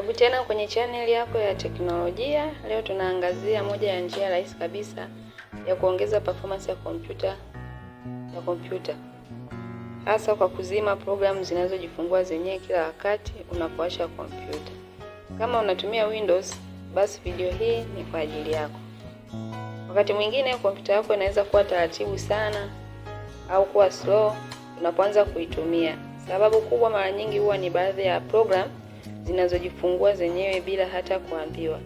Karibu tena kwenye channel yako ya teknolojia. Leo tunaangazia moja ya njia rahisi kabisa ya kuongeza performance ya kompyuta ya kompyuta, hasa kwa kuzima programu zinazojifungua zenyewe kila wakati unapowasha kompyuta. Kama unatumia Windows, basi video hii ni kwa ajili yako. Wakati mwingine kompyuta yako inaweza kuwa taratibu sana au kuwa slow unapoanza kuitumia. Sababu kubwa mara nyingi huwa ni baadhi ya program zinazojifungua zenyewe bila hata kuambiwa.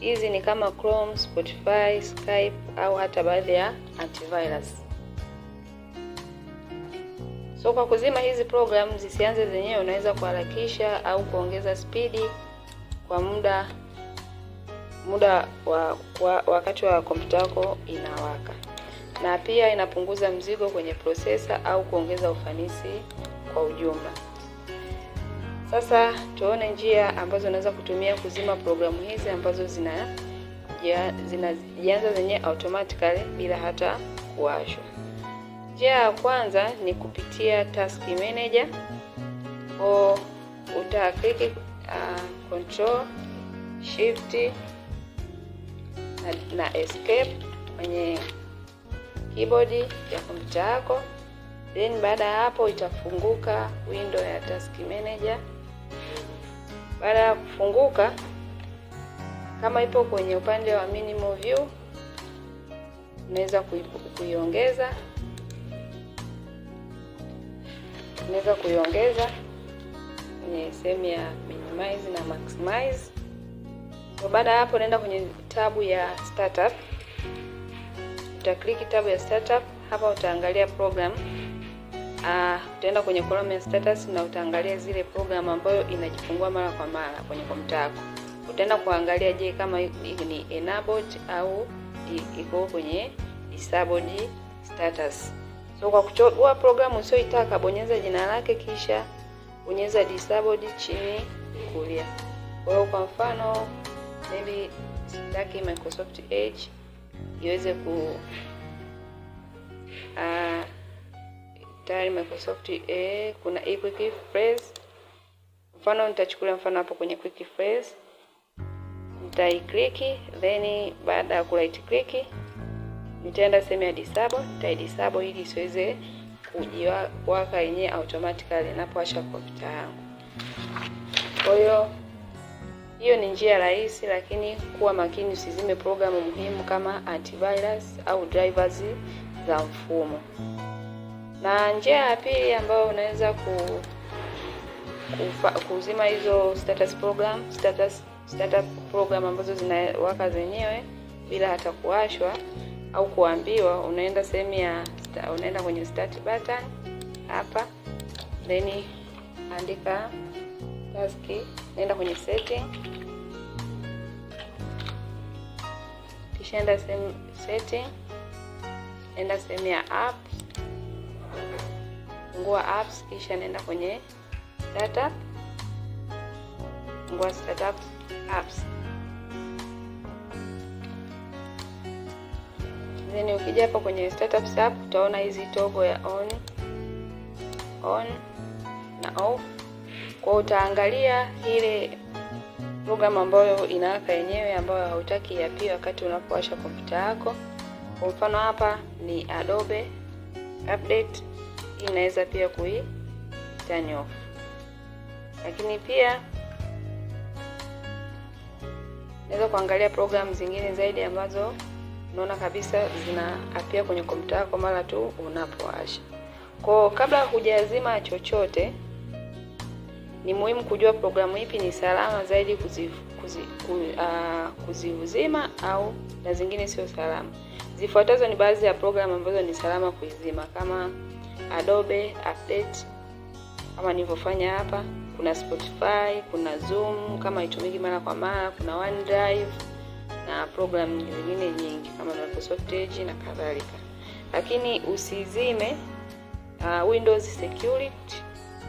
Hizi ni kama Chrome, Spotify, Skype au hata baadhi ya antivirus. So kwa kuzima hizi program zisianze zenyewe, unaweza kuharakisha au kuongeza spidi kwa muda muda wa, wa wakati wa kompyuta yako inawaka, na pia inapunguza mzigo kwenye prosesa au kuongeza ufanisi kwa ujumla. Sasa tuone njia ambazo unaweza kutumia kuzima programu hizi ambazo zina zinajianza zenyewe automatically bila hata kuwashwa. Njia ya kwanza ni kupitia task manager, uta click uh, control shift na, na escape kwenye keyboard ya kompyuta yako, then baada ya hapo itafunguka window ya task manager. Baada ya kufunguka, kama ipo kwenye upande wa minimal view, unaweza kuiongeza unaweza kuiongeza kwenye sehemu ya minimize na maximize. Kwa baada ya hapo, unaenda kwenye tabu ya startup, utaklik tabu ya startup. Hapa utaangalia program Uh, utaenda kwenye column status na utaangalia zile program ambayo inajifungua mara kwa mara kwenye kompyuta yako. Utaenda kuangalia je, kama ni enabled au iko kwenye disabled status. So kwa kuchagua programu usioitaka, bonyeza jina lake kisha bonyeza disabled chini kulia. Kwa hiyo kwa mfano maybe sitaki Microsoft Edge iweze ku uh, tayari Microsoft eh, kuna hii e quick phrase. Mfano nitachukulia mfano hapo kwenye quick phrase click, then baada ya right click nitaenda sehemu ya disable, disable ili isiweze kujiwaka yenyewe automatically ninapowasha kompyuta yangu. Kwa hiyo hiyo ni njia rahisi, lakini kuwa makini usizime programu muhimu kama antivirus au drivers za mfumo. Na njia ya pili ambayo unaweza ku, kuzima hizo status program, status startup program ambazo zinawaka zenyewe bila hata kuwashwa au kuambiwa, unaenda sehemu ya unaenda kwenye start button hapa, then andika task, naenda kwenye setting, kisha enda sehemu setting, enda sehemu ya apps ngua apps, kisha nenda kwenye startup, fungua startup apps. Then ukija hapa kwenye startup app utaona hizi togo ya on on na off, kwa utaangalia ile program ambayo inawaka yenyewe ambayo hautaki pia wakati unapowasha kompyuta yako. Kwa mfano hapa ni Adobe update inaweza pia kui turn off, lakini pia naweza kuangalia programu zingine zaidi ambazo unaona kabisa zina apia kwenye kompyuta yako mara tu unapowasha. Kwa kabla hujazima chochote, ni muhimu kujua programu ipi ni salama zaidi kuzifu kuzi, uh, ah, kuzi au na zingine sio salama. Zifuatazo ni baadhi ya program ambazo ni salama kuizima kama Adobe Update kama nilivyofanya hapa. Kuna Spotify, kuna Zoom kama itumiki mara kwa mara, kuna OneDrive na program nyingine nyingi kama Microsoft Edge na kadhalika, lakini usizime uh, Windows Security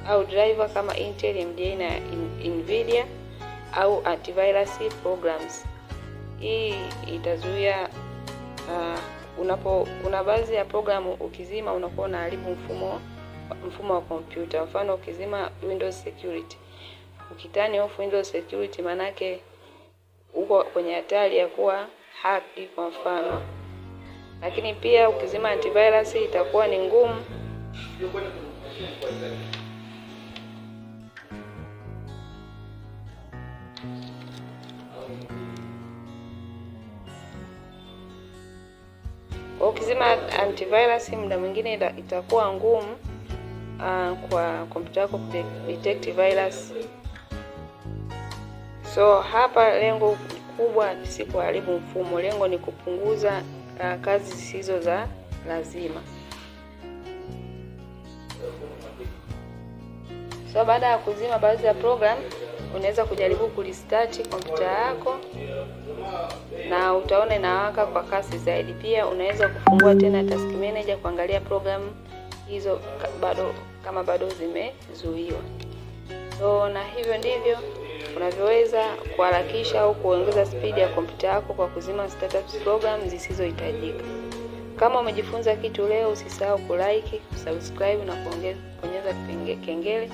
au driver kama Intel, AMD na in, Nvidia au antivirus programs. Hii itazuia uh, unapo kuna baadhi ya programu ukizima unakuwa unaharibu mfumo mfumo wa kompyuta. Mfano, ukizima Windows Security, ukitani off Windows Security, maanake uko kwenye hatari ya kuwa hacked kwa mfano. Lakini pia ukizima antivirus itakuwa ni ngumu Ukizima antivirus muda mwingine itakuwa ngumu uh, kwa kompyuta yako kudetect virus. So hapa lengo kubwa si kuharibu mfumo, lengo ni kupunguza uh, kazi zisizo za lazima. So baada ya kuzima baadhi ya program unaweza kujaribu kulistart kompyuta yako na utaona inawaka kwa kasi zaidi. Pia unaweza kufungua tena task manager kuangalia program hizo bado kama bado zimezuiwa. So na hivyo ndivyo unavyoweza kuharakisha au kuongeza spidi ya kompyuta yako kwa kuzima startup program zisizohitajika. Kama umejifunza kitu leo, usisahau kulike, kusubscribe na kuongeza, bonyeza kengele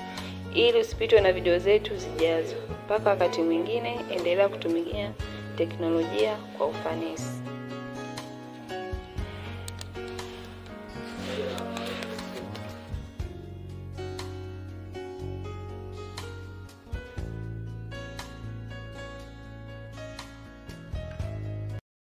ili usipitwe na video zetu zijazo. Mpaka wakati mwingine, endelea kutumia teknolojia kwa ufanisi.